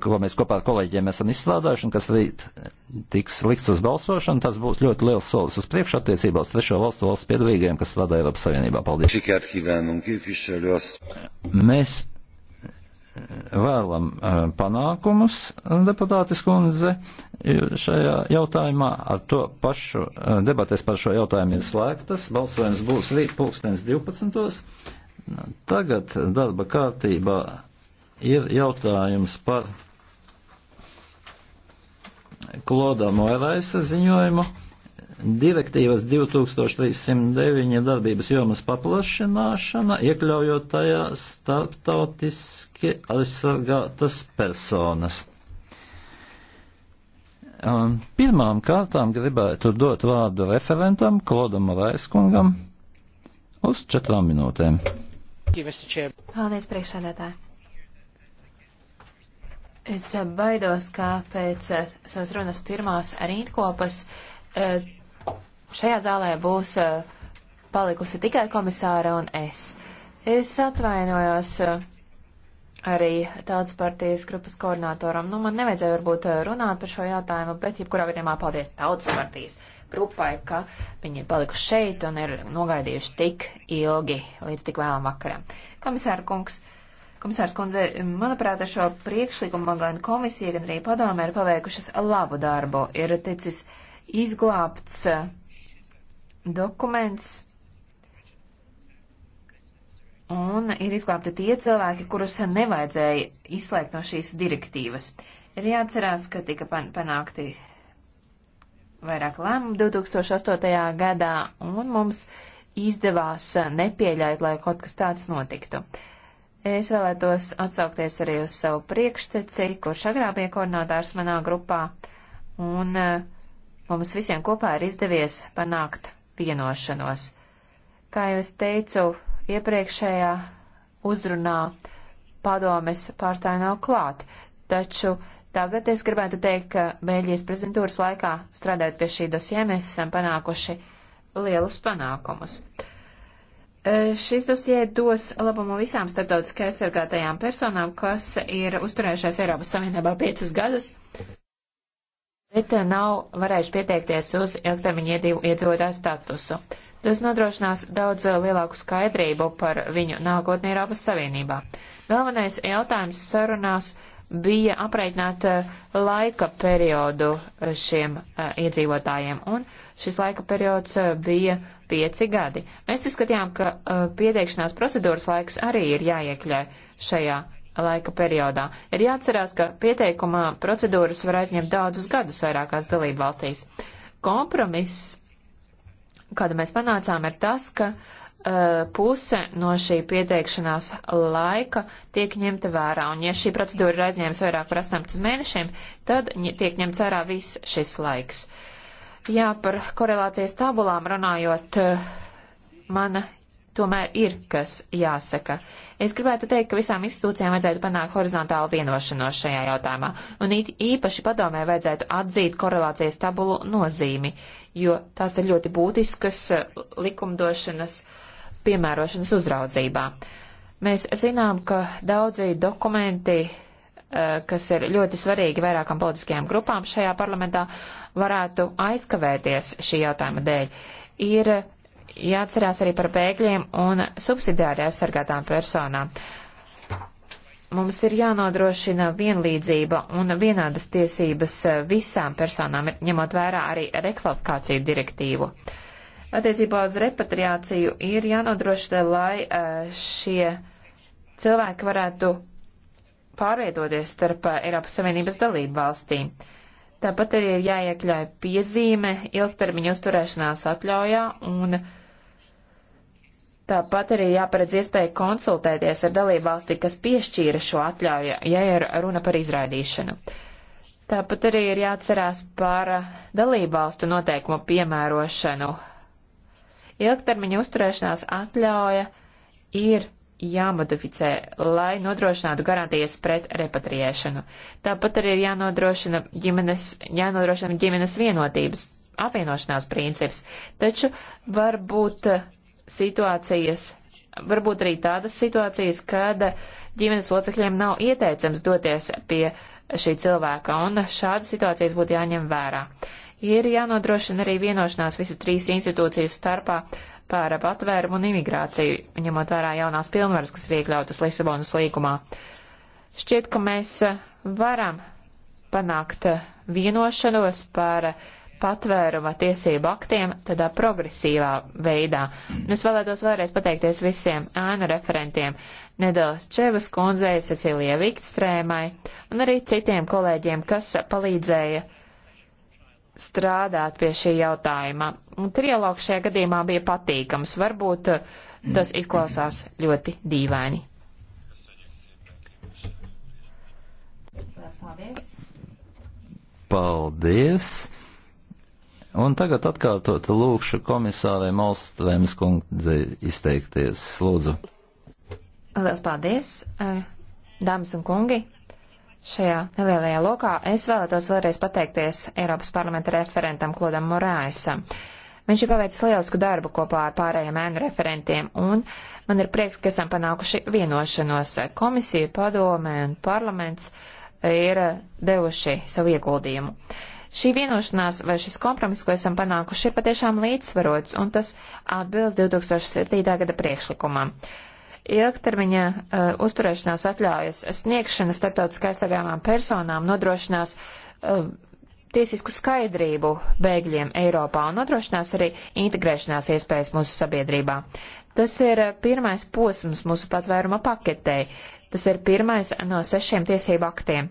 ko mēs kopā ar kolēģiem esam izstrādājuši un kas rīt tiks likts uz balsošanu, tas būs ļoti liels solis uz priekšu attiecībā uz trešo valstu valsts piedalīgajiem, kas strādā Eiropas Savienībā. Paldies! Mēs vēlam panākumus, deputātis kundze, šajā jautājumā. Ar to pašu debates par šo jautājumu ir slēgtas. Balsojums būs rīt pulkstens 12. Tagad darba kārtībā ir jautājums par Kloda Moiraisa ziņojumu direktīvas 2309 darbības jomas paplašināšana, iekļaujot tajā starptautiski aizsargātas personas. Um, pirmām kārtām gribētu dot vārdu referentam Klodam Raiskungam uz četrām minūtēm. Paldies, priekšsēdētāji! Es baidos, ka pēc eh, savas runas pirmās rītkopas eh, šajā zālē būs eh, palikusi tikai komisāra un es. Es atvainojos arī tautas partijas grupas koordinatoram. Nu, man nevajadzēja varbūt runāt par šo jautājumu, bet jebkurā gadījumā paldies tautas partijas grupai, ka viņi ir palikuši šeit un ir nogaidījuši tik ilgi līdz tik vēlam vakaram. Komisāra kungs. Komisārs kundze, manuprāt, ar šo priekšlikumu gan komisija, gan arī padome ir paveikušas labu darbu. Ir ticis izglābts eh, dokuments un ir izglābti tie cilvēki, kurus nevajadzēja izslēgt no šīs direktīvas. Ir jāatcerās, ka tika pan panākti vairāk lēmumu 2008. gadā, un mums izdevās nepieļaut, lai kaut kas tāds notiktu. Es vēlētos atsaukties arī uz savu priekšteci, kurš agrāk bija koordinātārs manā grupā, un eh, mums visiem kopā ir izdevies panākt vienošanos. Kā jau es teicu, iepriekšējā uzrunā padomes pārstāja nav klāt, taču Tagad es gribētu teikt, ka Bēļģijas prezidentūras laikā strādājot pie šī dosiem, mēs esam panākuši lielus panākumus. Uh, Šis dosie dos labumu visām starptautiski aizsargātajām personām, kas ir uzturējušās Eiropas Savienībā piecus gadus, bet eh, nav varējuši pieteikties uz ilgtermiņa iedzīvotāju statusu. Tas nodrošinās daudz eh, lielāku skaidrību par viņu nākotni Eiropas Savienībā. Galvenais jautājums sarunās bija apreikināt eh, laika periodu šiem iedzīvotājiem, un šis laika periods bija pieci gadi. Mēs uzskatījām, ka uh, pieteikšanās procedūras laiks arī ir jāiekļauj šajā laika periodā. Ir jāatcerās, ka pieteikumā procedūras var aizņemt daudzus gadus vairākās dalību valstīs. Kompromiss, kādu mēs panācām, ir tas, ka uh, puse no šī pieteikšanās laika tiek ņemta vērā, un ja šī procedūra ir aizņēmusi vairāk par 18 mēnešiem, tad tiek ņemts vērā viss šis laiks. Uh, Jā, par korelācijas tabulām runājot, man tomēr ir kas jāsaka. Es gribētu teikt, ka visām institūcijām vajadzētu panākt horizontālu vienošanos šajā jautājumā, un īpaši padomē vajadzētu atzīt korelācijas tabulu nozīmi, jo tās ir ļoti būtiskas likumdošanas piemērošanas uzraudzībā. Mēs zinām, ka daudzi dokumenti Eh, kas ir ļoti svarīgi vairākām politiskajām grupām šajā parlamentā, varētu aizkavēties šī jautājuma dēļ. Ir jāatcerās arī par bēgļiem un subsidiāri aizsargātām personām. Mums ir jānodrošina vienlīdzība un vienādas tiesības visām personām, ņemot vērā arī rekvalifikāciju direktīvu. Attiecībā uz repatriāciju ir jānodrošina, lai eh, šie cilvēki varētu pārveidoties starp Eiropas Savienības dalību valstīm. Tāpat arī ir jāiekļauj piezīme ilgtermiņa uzturēšanās atļaujā un tāpat arī jāparedz iespēja konsultēties ar dalību valsti, kas piešķīra šo atļauju, ja ir runa par izraidīšanu. Tāpat arī ir jāatcerās par dalību valstu noteikumu piemērošanu. Ilgtermiņa uzturēšanās atļauja ir jāmodificē, lai nodrošinātu garantijas pret repatriēšanu. Tāpat arī ir jānodrošina ģimenes, jānodrošina ģimenes vienotības, apvienošanās princips. Taču varbūt situācijas, varbūt arī tādas situācijas, kad ģimenes locekļiem nav ieteicams doties pie šī cilvēka, un šādas situācijas būtu jāņem vērā. Ir jānodrošina arī vienošanās visu trīs institūciju starpā, uh, par patvērumu un imigrāciju, ņemot vērā jaunās pilnvaras, kas ir iekļautas Lisabonas līgumā. Šķiet, ka mēs varam panākt vienošanos par patvēruma tiesību aktiem tādā progresīvā veidā. Es vēlētos vēlreiz pateikties visiem ēnu referentiem, Nedelas Čevas kundzei, Cecilija Vikstrēmai un arī citiem kolēģiem, kas palīdzēja uh, strādāt pie šī jautājuma. Trialogs šajā gadījumā bija patīkams. Varbūt eh, tas izklausās ļoti dīvaini. Paldies! Paldies! Un tagad atkārtot lūkšu komisārai Malstrēmas kundzei izteikties. Lūdzu. Lielas paldies, eh, dāmas un kungi! Šajā nelielajā lokā es vēlētos vēlreiz pateikties Eiropas parlamenta referentam Klodam Morāisam. Viņš ir paveicis lielisku darbu kopā ar pārējiem ēnu referentiem, un man ir prieks, ka esam panākuši vienošanos. Komisija, padome un parlaments ir devuši savu ieguldījumu. Šī vienošanās vai šis kompromiss, ko esam panākuši, ir patiešām līdzsvarots, un tas atbilst 2007. gada priekšlikumam. Uh, Ilgtermiņa uh, uzturēšanās atļaujas sniegšana starptautiskā aizsargājumām personām nodrošinās uh, tiesisku skaidrību bēgļiem Eiropā un nodrošinās arī integrēšanās iespējas mūsu sabiedrībā. Tas ir eh, pirmais posms mūsu patvēruma paketē. Tas ir pirmais no sešiem tiesību aktiem.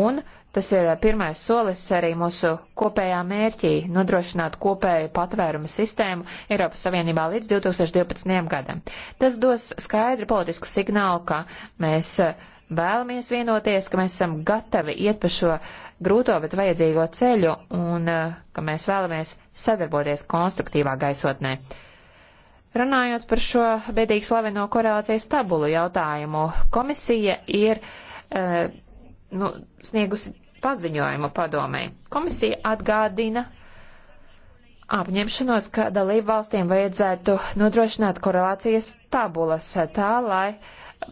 Un uh, Tas ir pirmais solis arī mūsu kopējā mērķī - nodrošināt kopēju patvērumu sistēmu Eiropas Savienībā līdz 2012. gadam. Tas dos skaidru politisku signālu, ka mēs eh, vēlamies vienoties, ka mēs esam gatavi iet pa šo grūto, bet vajadzīgo ceļu un eh, ka mēs vēlamies sadarboties konstruktīvā gaisotnē. Runājot par šo bēdīgi slaveno korelācijas tabulu jautājumu, komisija ir. Uh, nu, sniegusi paziņojumu padomē. Komisija atgādina apņemšanos, ka dalību valstīm vajadzētu nodrošināt korelācijas tabulas tā, lai m,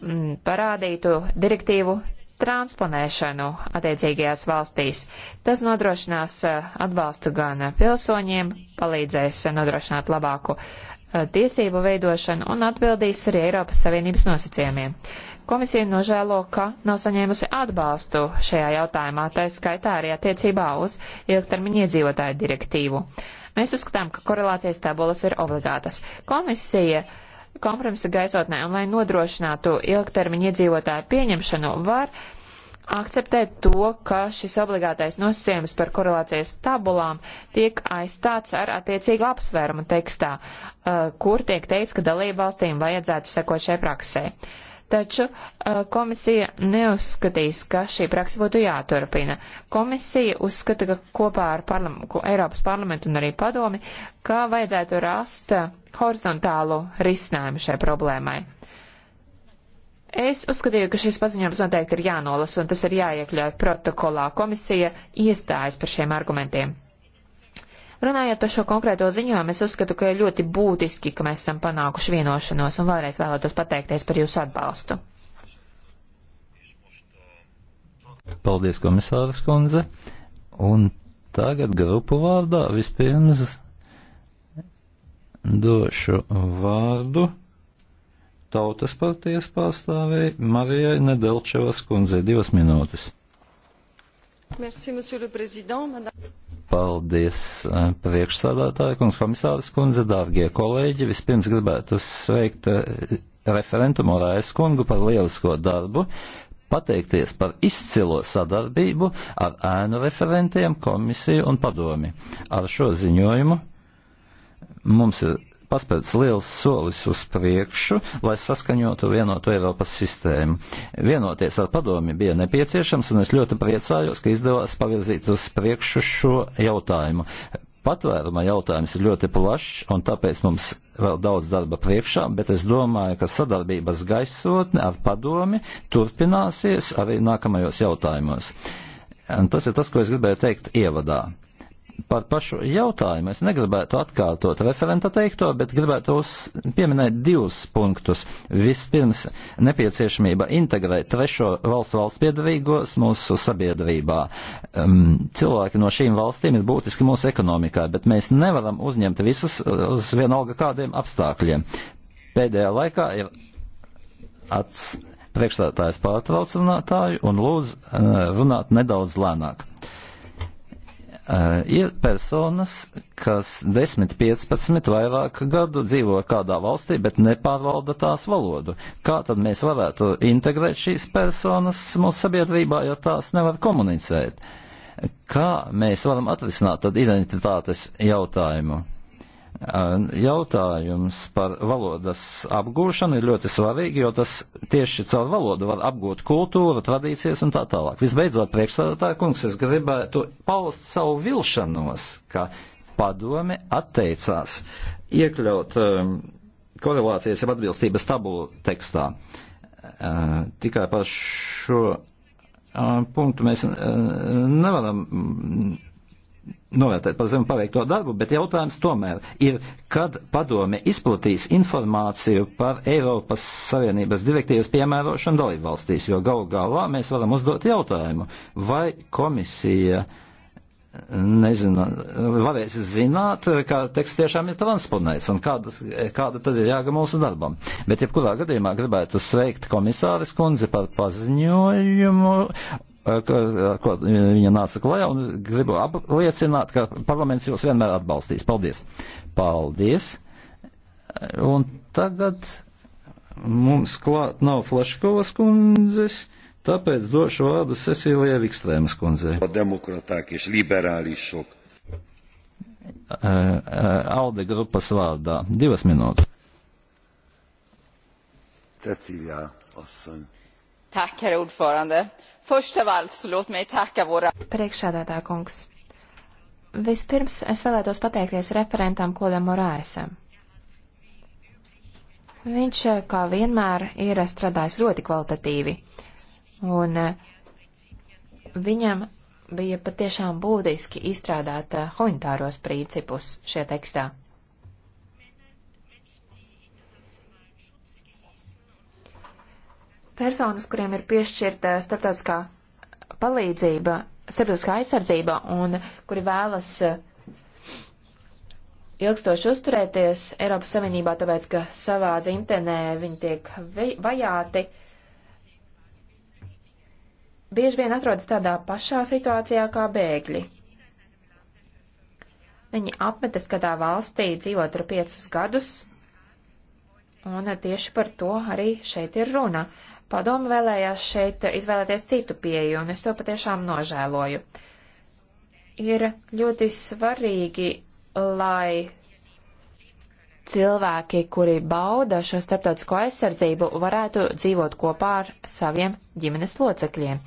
mm, parādītu direktīvu transponēšanu attiecīgajās valstīs. Tas nodrošinās e, atbalstu gan pilsoņiem, palīdzēs nodrošināt labāku e, tiesību veidošanu un atbildīs arī Eiropas Savienības nosacījumiem. Komisija nožēlo, ka nav saņēmusi atbalstu šajā jautājumā, tā skaitā arī attiecībā uz ilgtermiņa iedzīvotāju direktīvu. Mēs uzskatām, ka korelācijas tabulas ir obligātas. Komisija kompromisa gaisotnē un lai nodrošinātu ilgtermiņa iedzīvotāju pieņemšanu var akceptēt to, ka šis obligātais nosacījums par korelācijas tabulām tiek aizstāts ar attiecīgu apsvērumu tekstā, uh, kur tiek teikts, ka dalību valstīm vajadzētu sekot šai praksē. Uh, taču eh, komisija neuzskatīs, ka šī praksa būtu jāturpina. Komisija uzskata, ka kopā ar parlam Eiropas parlamentu un arī padomi, ka vajadzētu rast eh, horizontālu risinājumu šai problēmai. Es uzskatīju, ka šis paziņojums noteikti ir jānolas un tas ir jāiekļauj protokolā. Komisija iestājas par šiem argumentiem. Runājot par šo konkrēto ziņojumu, es uzskatu, ka ir ļoti būtiski, ka mēs esam panākuši vienošanos un vēlreiz vēlētos pateikties par jūsu atbalstu. Paldies, komisāras kundze. Un tagad grupu vārdā vispirms došu vārdu tautas partijas pārstāvēji Marijai Nedelčevas kundzei divas minūtes. Merci, Paldies eh, priekšsādātāju, kungs komisārs kundze, dārgie kolēģi. Vispirms gribētu sveikt eh, referentu Morājas kungu par lielisko darbu, pateikties par izcilo sadarbību ar ēnu referentiem, komisiju un padomi. Ar šo ziņojumu mums ir paspēc liels solis uz priekšu, lai saskaņotu vienotu Eiropas sistēmu. Vienoties ar padomi bija nepieciešams, un es ļoti priecājos, ka izdevās pavirzīt uz priekšu šo jautājumu. Patvēruma jautājums ir ļoti plašs, un tāpēc mums vēl daudz darba priekšā, bet es domāju, ka sadarbības gaisotne ar padomi turpināsies arī nākamajos jautājumos. Un tas ir tas, ko es gribēju teikt ievadā par pašu jautājumu. Es negribētu atkārtot referenta teikto, bet gribētu pieminēt divus punktus. Vispirms nepieciešamība integrēt trešo valstu valsts piedarīgos mūsu sabiedrībā. Um, cilvēki no šīm valstīm ir būtiski mūsu ekonomikā, bet mēs nevaram uzņemt visus uh, uz vienalga kādiem apstākļiem. Pēdējā laikā ir ats priekšstādātājs pārtrauc runātāju un lūdz uh, runāt nedaudz lēnāk. Uh, Eh, ir personas, kas 10, 15, vairāk gadu dzīvo kādā valstī, bet nepārvalda tās valodu. Kā tad mēs varētu integrēt šīs personas mūsu sabiedrībā, ja tās nevar komunicēt? Kā mēs varam atrisināt tad identitātes jautājumu? Jautājums par valodas apgūšanu ir ļoti svarīgi, jo tas tieši caur valodu var apgūt kultūru, tradīcijas un tā tālāk. Visbeidzot, priekšstādātāja kungs, es gribētu paust savu vilšanos, ka padome atteicās iekļaut um, korelācijas jau atbilstības tabulu tekstā. Uh, tikai par šo uh, punktu mēs uh, nevaram. Um, novērtēt par zemu paveikto darbu, bet jautājums tomēr ir, kad padome izplatīs informāciju par Eiropas Savienības direktīvas piemērošanu dalībvalstīs, jo galu galā mēs varam uzdot jautājumu, vai komisija nezinu, varēs zināt, kā teksts tiešām ir transponēts un kādas, kāda tad ir jāga mūsu darbam. Bet jebkurā gadījumā gribētu sveikt komisāris kundzi par paziņojumu ko viņa nāca klajā, un gribu apliecināt, ka parlaments jūs vienmēr atbalstīs. Paldies! Paldies! Un tagad mums klāt nav Flaškovas kundzes, tāpēc došu vārdu Cecīlijai Vikstrēmas kundzei. Demokratāki, liberālišok. Alde grupas vārdā. Divas minūtes. Cecīlijā, asaņ. Tak, herr ordförande. Först av allt, så låt mig tacka våra. Priekšādātā kungs. Vispirms es vēlētos pateikties referentam Klodam Morāesam. Viņš, eh, kā vienmēr, ir strādājis ļoti kvalitatīvi, un eh, viņam bija patiešām būtiski izstrādāt eh, humanitāros principus šajā tekstā. Personas, kuriem ir piešķirta starptautiskā palīdzība, starptautiskā aizsardzība un kuri vēlas eh, ilgstoši uzturēties Eiropas Savienībā, tāpēc, ka savā dzimtenē viņi tiek vajāti, bieži vien atrodas tādā pašā situācijā kā bēgļi. Viņi apmetas kādā valstī, dzīvo tur piecus gadus, un tieši par to arī šeit ir runa. Padoma vēlējās šeit izvēlēties citu pieeju, un es to patiešām nožēloju. Ir ļoti svarīgi, lai cilvēki, kuri bauda šo starptautisko aizsardzību, varētu dzīvot kopā ar saviem ģimenes locekļiem.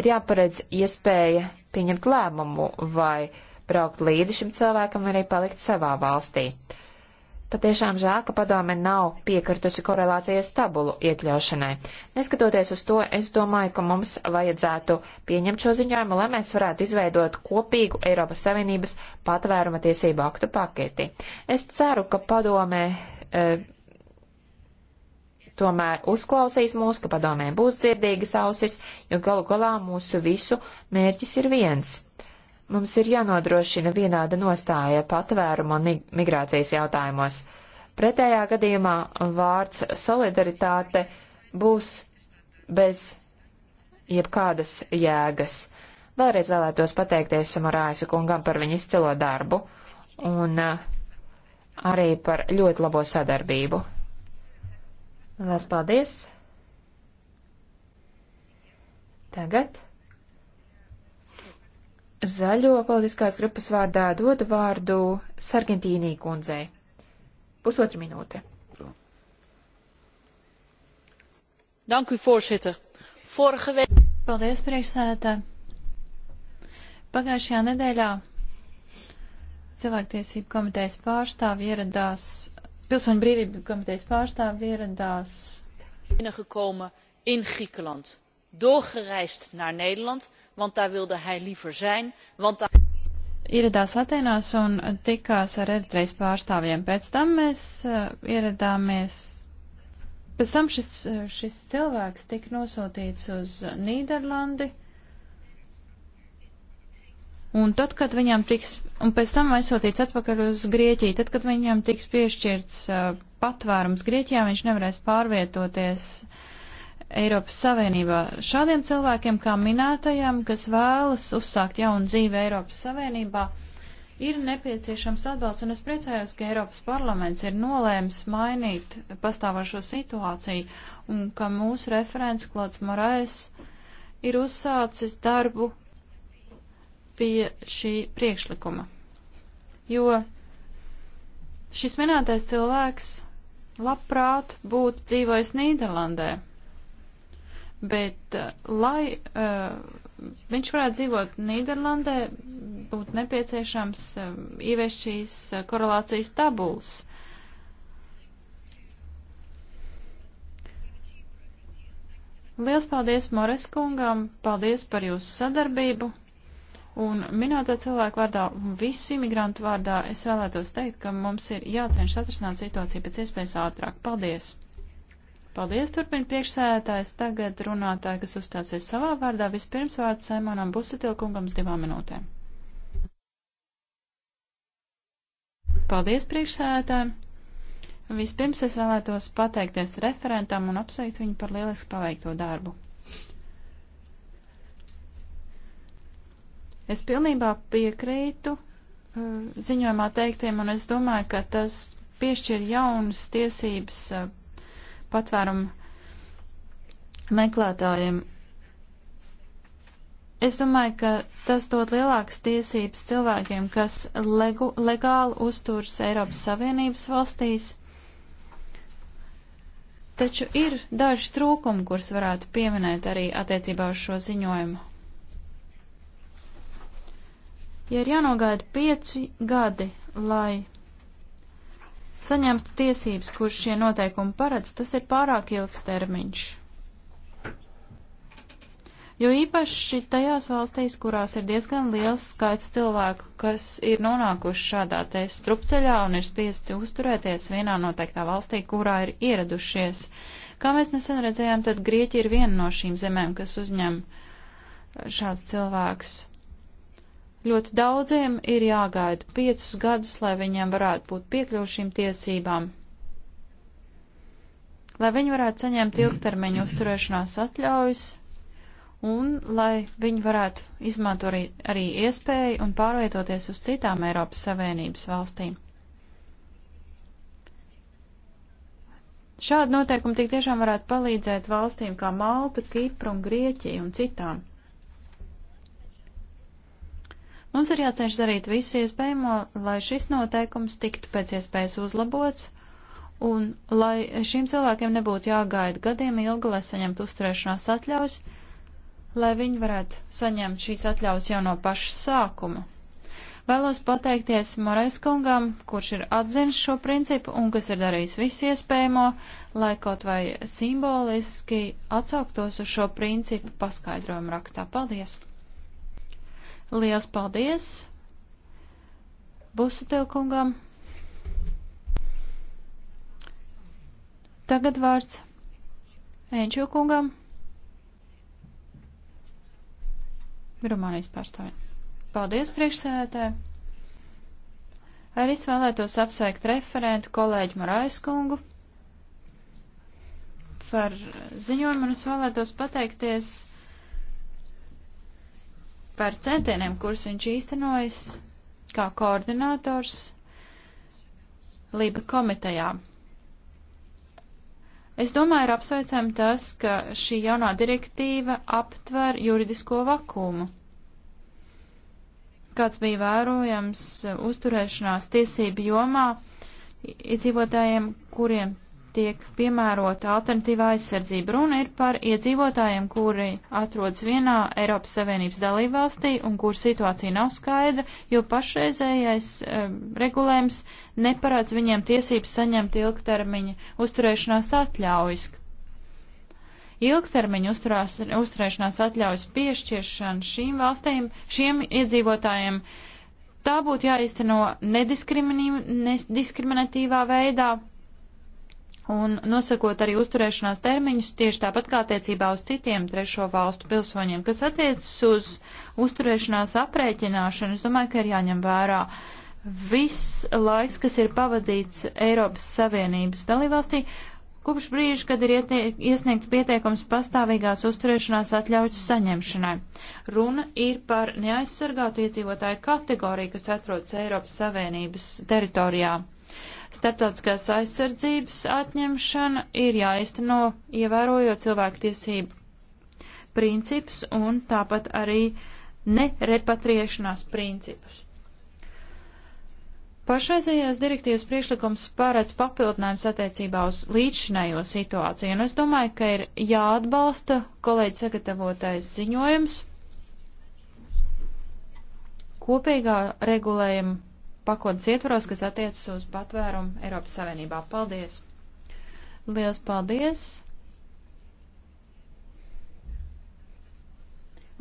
Ir jāparedz iespēja pieņemt lēmumu vai braukt līdzi šim cilvēkam un arī palikt savā valstī. Uh, Patiešām žēl, ka padome nav piekritusi korelācijas tabulu iekļaušanai. Neskatoties uz to, es domāju, ka mums vajadzētu pieņemt šo ziņojumu, lai mēs varētu izveidot kopīgu Eiropas Savienības patvēruma tiesību aktu paketi. Es ceru, ka padome e, tomēr uzklausīs mūs, ka padomē būs dzirdīgas ausis, jo galu galā mūsu visu mērķis ir viens. E, Mums ir jānodrošina vienāda nostāja patvērumu un migrācijas jautājumos. Pretējā gadījumā vārds solidaritāte būs bez jebkādas jēgas. Vēlreiz vēlētos pateikties Samarāisa kungam par viņa izcilo darbu un uh, arī par ļoti labo sadarbību. Lielas paldies! Tagad. Zaļo politiskās grupas vārdā dodu vārdu Sargentīnī kundzei. Pusotra minūte. Dank u, voorzitter. Vorige week. Paldies, priekšsēdētāji. Pagājušajā nedēļā cilvēktiesību komitejas pārstāvi ieradās, pilsoņu brīvību komitejas pārstāvi ieradās. Binnengekomen in Griekenland doorgereisd naar Nederland, want daar wilde hij liever zijn. Want daar... Ieradās Atenās un tikās ar Eritrejas pārstāvjiem. Pēc tam mēs uh, ieradāmies. Pēc tam šis, eh, šis cilvēks tika nosūtīts uz Nīderlandi. Un tad, kad viņam tiks, un pēc tam aizsūtīts atpakaļ uz Grieķiju, tad, kad viņam tiks piešķirts uh, patvērums Grieķijā, viņš nevarēs pārvietoties uh, Eiropas Savienībā. Šādiem cilvēkiem, kā minētajam, kas vēlas uzsākt jaunu dzīvi Eiropas Savienībā, ir nepieciešams atbalsts, un es priecājos, ka Eiropas parlaments ir nolēms mainīt pastāvošo situāciju, un ka mūsu referents Klods Morais ir uzsācis darbu pie šī priekšlikuma. Jo šis minētais cilvēks labprāt būtu dzīvojis Nīderlandē, bet eh, lai uh, viņš varētu dzīvot Nīderlandē, būtu nepieciešams uh, ieviest šīs uh, korelācijas tabulas. Liels paldies Mores kungam, paldies par jūsu sadarbību. Un minētā cilvēku vārdā un visu imigrantu vārdā es vēlētos teikt, ka mums ir jācenšas atrisināt situāciju pēc iespējas ātrāk. Paldies! Paldies, turpina priekšsēdētājs. Tagad runātāji, kas uzstāsies savā vārdā, vispirms vārds Saimonam Busatilkungam uz divām minūtēm. Paldies, priekšsēdētājiem! Vispirms es vēlētos pateikties referentam un apsveikt viņu par lieliski paveikto darbu. Es pilnībā piekrītu uh, ziņojumā teiktiem, un es domāju, ka tas piešķir jaunas tiesības uh, patvērumu meklētājiem. Es domāju, ka tas dod lielākas tiesības cilvēkiem, kas legu, legāli uzturas Eiropas Savienības valstīs. Taču ir daži trūkumi, kurus varētu pieminēt arī attiecībā uz šo ziņojumu. Ja ir jānogaida pieci gadi, lai saņemt tiesības, kuras šie noteikumi paredz, tas ir pārāk ilgs termiņš. Jo īpaši tajās valstīs, kurās ir diezgan liels skaits cilvēku, kas ir nonākuši šādā te strupceļā un ir spiesti uzturēties vienā noteiktā valstī, kurā ir ieradušies. Kā mēs nesen redzējām, tad Grieķija ir viena no šīm zemēm, kas uzņem šādus cilvēkus. Ļoti daudziem ir jāgaida piecus gadus, lai viņiem varētu būt piekļuvušiem tiesībām. Lai viņi varētu saņemt ilgtermiņu uzturēšanās atļaujas un lai viņi varētu izmantot arī, arī iespēju un pārvietoties uz citām Eiropas Savienības valstīm. Šādi noteikumi tik tiešām varētu palīdzēt valstīm kā Malta, Kipra un Grieķija un citām. Mums ir jācenšas darīt visu iespējamo, lai šis noteikums tiktu pēc iespējas uzlabots un lai šiem cilvēkiem nebūtu jāgaida gadiem ilgi, lai saņemtu uzturēšanās atļaus, lai viņi varētu saņemt šīs atļaus jau no paša sākuma. Vēlos pateikties Morais kungam, kurš ir atzinis šo principu un kas ir darījis visu iespējamo, lai kaut vai simboliski atsauktos uz šo principu paskaidrojumu rakstā. Paldies! Liels paldies Busutilkungam. Tagad vārds Enčukungam. Rumānijas pārstāvja. Paldies, priekšsēdētāji! Arī es vēlētos apsveikt referentu kolēģi Maraiskungu par ziņojumu un es vēlētos pateikties par centieniem, kurus viņš īstenojas kā koordinators Liba komitejā. Es domāju, ir apsveicami tas, ka šī jaunā direktīva aptver juridisko vakumu, kāds bija vērojams uzturēšanās tiesību jomā iedzīvotājiem, kuriem tiek piemērota alternatīva aizsardzība. Runa ir par iedzīvotājiem, kuri atrodas vienā Eiropas Savienības dalībvalstī un kur situācija nav skaidra, jo pašreizējais um, regulējums neparāds viņiem tiesības saņemt ilgtermiņa uzturēšanās atļaujas. Ilgtermiņa uzturās, uzturēšanās atļaujas piešķiršana šīm valstīm, šiem iedzīvotājiem, tā būtu jāizteno nediskriminatīvā veidā un nosakot arī uzturēšanās termiņus tieši tāpat kā attiecībā uz citiem trešo valstu pilsoņiem. Kas attiecas uz uzturēšanās aprēķināšanu, es domāju, ka ir jāņem vērā viss laiks, kas ir pavadīts Eiropas Savienības dalībvalstī, kopš brīža, kad ir ietie, iesniegts pieteikums pastāvīgās uzturēšanās atļaujas saņemšanai. Runa ir par neaizsargātu iedzīvotāju kategoriju, kas atrodas Eiropas Savienības teritorijā starptautiskās aizsardzības atņemšana ir jāizteno ievērojot cilvēku tiesību principus un tāpat arī nerepatriešanās principus. Pašreizējās direktīvas priekšlikums pārēc papildinājums attiecībā uz līdzšinējo situāciju, un es domāju, ka ir jāatbalsta kolēģi sagatavotais ziņojums kopīgā regulējuma pakodas ietvaros, kas attiecas uz patvērumu Eiropas Savienībā. Paldies! Liels paldies!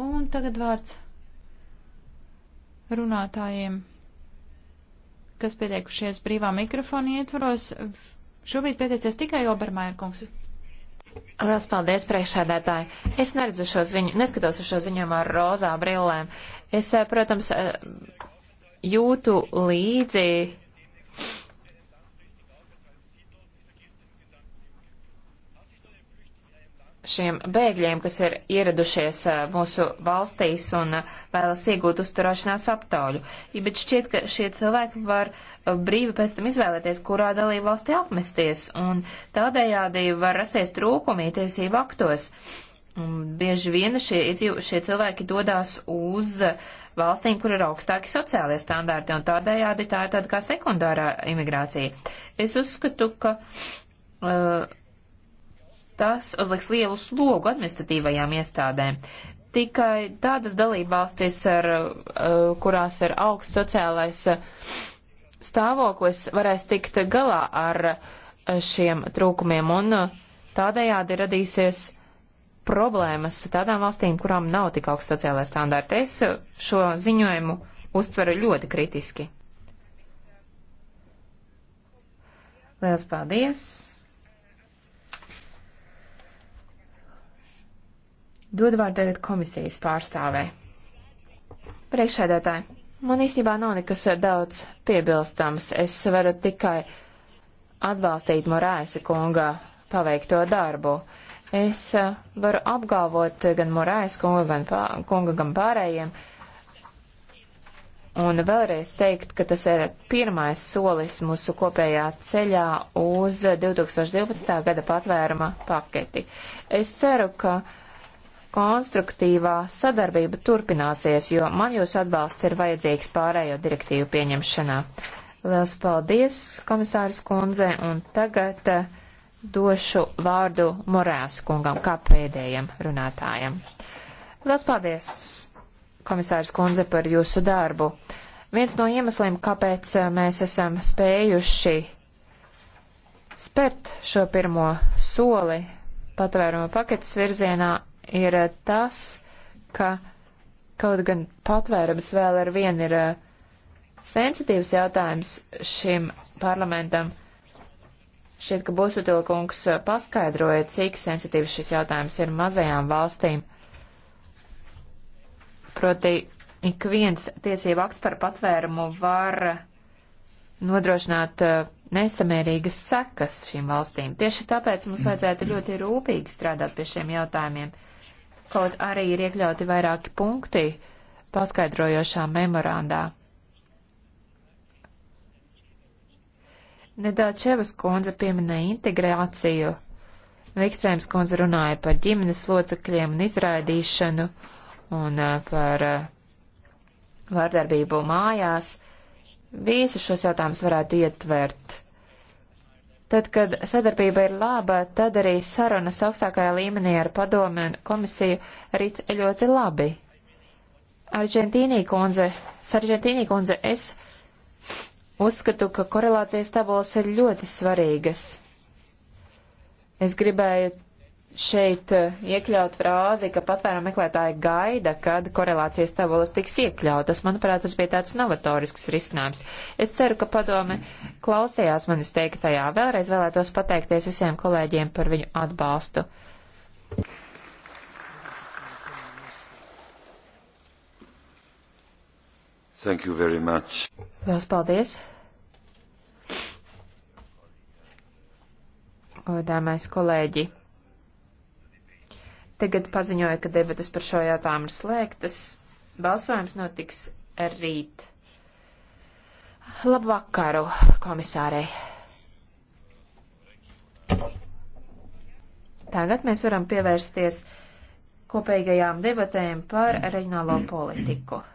Un tagad vārds runātājiem, kas pieteikušies brīvā mikrofona ietvaros. Šobrīd pieteicies tikai Obermajer kungs. Liels paldies, priekšsēdētāji. Es neredzu šo ziņu, neskatos uz šo ziņojumu ar rozā brillēm. Es, eh, protams, eh, jūtu līdzi šiem bēgļiem, kas ir ieradušies eh, mūsu valstīs un eh, vēlas iegūt uzturēšanās aptauļu. Ja, bet šķiet, ka šie cilvēki var eh, brīvi pēc tam izvēlēties, kurā dalību valstī apmesties, un tādējādi var rasties trūkumi tiesību aktos. Uh, Un bieži vien šie, šie cilvēki dodas uz valstīm, kur ir augstāki sociālie standārti, un tādējādi tā ir tāda kā sekundārā imigrācija. Es uzskatu, ka uh, tas uzliks lielu slogu administratīvajām iestādēm. Tikai tādas dalībvalstis, ar, uh, kurās ir augsts sociālais eh, stāvoklis, varēs tikt galā ar šiem trūkumiem, un tādējādi radīsies problēmas tādām valstīm, kurām nav tik augsts sociālais standārti. Es šo ziņojumu uztveru ļoti kritiski. Liels paldies! Dod vārdu tagad komisijas pārstāvē. Priekšsēdētāji, man īstenībā nav nekas daudz piebilstams. Es varu tikai atbalstīt Morāisa kunga paveikto darbu. Es varu apgalvot gan Morais kunga, gan, pā, kunga, gan pārējiem, un vēlreiz teikt, ka tas ir pirmais solis mūsu kopējā ceļā uz 2012. gada patvēruma paketi. Es ceru, ka konstruktīvā sadarbība turpināsies, jo man jūs atbalsts ir vajadzīgs pārējo direktīvu pieņemšanā. Liels paldies, komisārs kundze, un tagad uh, došu vārdu Morēs kungam, kā pēdējiem runātājiem. Lielas paldies, komisārs kundze, par jūsu darbu. Viens no iemesliem, kāpēc eh, mēs esam spējuši spērt šo pirmo soli patvēruma paketes virzienā, ir eh, tas, ka kaut gan patvērums vēl ar vienu ir eh, sensitīvs jautājums šim parlamentam Šķiet, ka Būsutilkungs eh, paskaidroja, cik sensitīvs šis jautājums ir mazajām valstīm. Proti, ik viens tiesību akts par patvērumu var nodrošināt eh, nesamērīgas sekas šīm valstīm. Tieši tāpēc mums vajadzētu ļoti rūpīgi strādāt pie šiem jautājumiem. Kaut arī ir iekļauti vairāki punkti paskaidrojošā memorandā. Nedēļčevas kundze pieminēja integrāciju, Vikstrēms kundze runāja par ģimenes locekļiem un izraidīšanu un uh, par uh, vārdarbību mājās. Visus šos jautājumus varētu ietvert. Tad, kad sadarbība ir laba, tad arī sarunas augstākajā līmenī ar padomi un komisiju rit ļoti labi. Argentīnī kundze, Sargentīnī kundze, es Uzskatu, ka korelācijas tabulas ir ļoti svarīgas. Es gribēju šeit eh, iekļaut frāzi, ka patvērumu meklētāji gaida, kad korelācijas tabulas tiks iekļautas. Manuprāt, tas bija tāds novatorisks risinājums. Es ceru, ka padome klausījās manis teiktajā. Vēlreiz vēlētos pateikties visiem kolēģiem par viņu atbalstu. Thank you very much. Lielas paldies! Godāmais kolēģi! Tagad paziņoja, ka debatas par šo jautājumu ir slēgtas. Balsojums notiks rīt. Labvakaru, komisārei! Tagad mēs varam pievērsties kopīgajām debatēm par reģionālo politiku.